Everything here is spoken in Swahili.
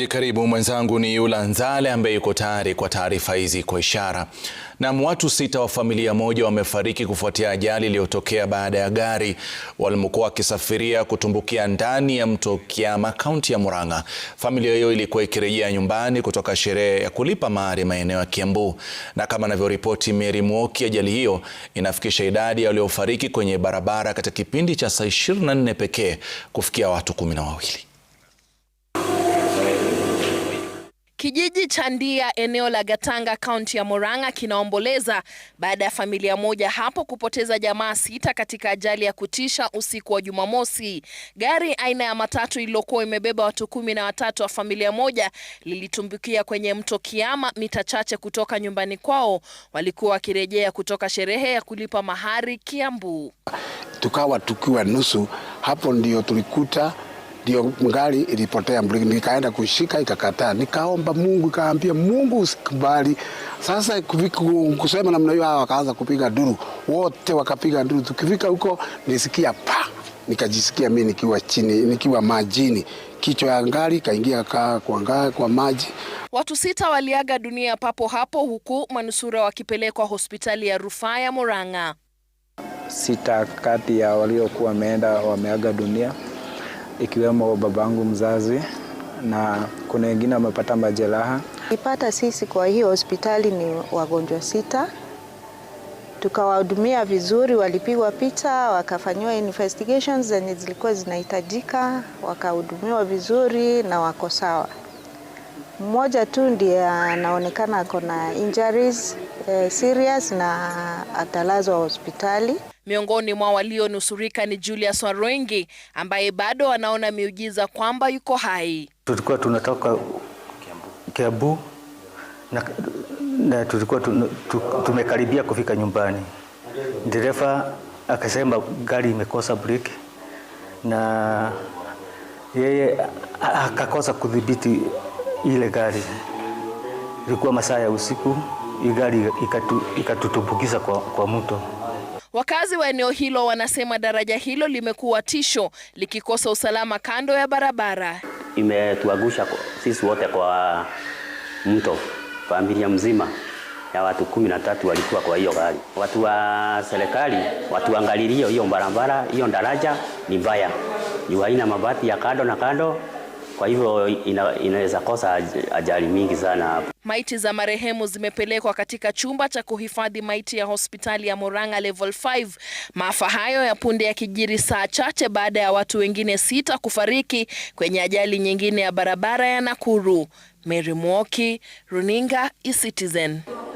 Eh, karibu mwenzangu ni Yula Nzale ambaye yuko tayari kwa taarifa hizi kwa ishara. Na watu sita wa familia moja wamefariki kufuatia ajali iliyotokea baada ya gari walimokuwa wakisafiria kutumbukia ndani ya mto Kiama, kaunti ya Murang'a. Familia hiyo ilikuwa ikirejea nyumbani kutoka sherehe ya kulipa mahari maeneo ya Kiambu, na kama anavyoripoti Mary Mwoki, ajali hiyo inafikisha idadi ya waliofariki kwenye barabara katika kipindi cha saa 24 pekee kufikia watu kumi na wawili. Kijiji cha Ndia eneo la Gatanga kaunti ya Murang'a kinaomboleza baada ya familia moja hapo kupoteza jamaa sita katika ajali ya kutisha usiku wa Jumamosi. Gari aina ya matatu iliyokuwa imebeba watu kumi na watatu wa familia moja lilitumbukia kwenye mto Kiama, mita chache kutoka nyumbani kwao walikuwa wakirejea kutoka sherehe ya kulipa mahari Kiambu. Tukawa tukiwa nusu hapo, ndio tulikuta ndio ngari ilipotea, nikaenda kushika ikakataa, nikaomba Mungu, ikaambia Mungu usikubali. Sasa kusema namna hiyo, hawa wakaanza kupiga duru, wote wakapiga duru. Tukifika huko nisikia pa, nikajisikia mimi nikiwa chini, nikiwa majini, kichwa ya ngari kaingia kaa kwa ngari, kwa maji. Watu sita waliaga dunia papo hapo, huku manusura wakipelekwa hospitali ya rufaa ya Murang'a. Sita kati ya waliokuwa wameenda wameaga dunia ikiwemo babangu mzazi na kuna wengine wamepata majeraha. Ipata sisi kwa hiyo hospitali ni wagonjwa sita, tukawahudumia vizuri, walipigwa picha, wakafanyiwa investigations zenye zilikuwa zinahitajika, wakahudumiwa vizuri na wako sawa. Mmoja tu ndiye anaonekana ako na injuries eh, serious na atalazwa hospitali. Miongoni mwa walionusurika ni Julius Warwengi ambaye bado anaona miujiza kwamba yuko hai. Tulikuwa tunatoka Kiambu na, na tulikuwa tumekaribia kufika nyumbani, dereva akasema gari imekosa breki na yeye akakosa kudhibiti ile gari. Ilikuwa masaa ya usiku, hii gari ikatutumbukiza kwa, kwa mto. Wakazi wa eneo hilo wanasema daraja hilo limekuwa tisho likikosa usalama kando ya barabara. Imetuagusha sisi wote kwa mto, familia mzima ya watu kumi na tatu walikuwa kwa hiyo gari. Watu wa serikali watuangalilie hiyo barabara, hiyo daraja ni mbaya, ni haina mabati ya kando na kando kwa hivyo ina, inaweza kosa ajali mingi sana hapo. Maiti za marehemu zimepelekwa katika chumba cha kuhifadhi maiti ya hospitali ya Murang'a Level 5. Maafa hayo ya punde yakijiri saa chache baada ya watu wengine sita kufariki kwenye ajali nyingine ya barabara ya Nakuru. Mary Mwoki, Runinga, eCitizen.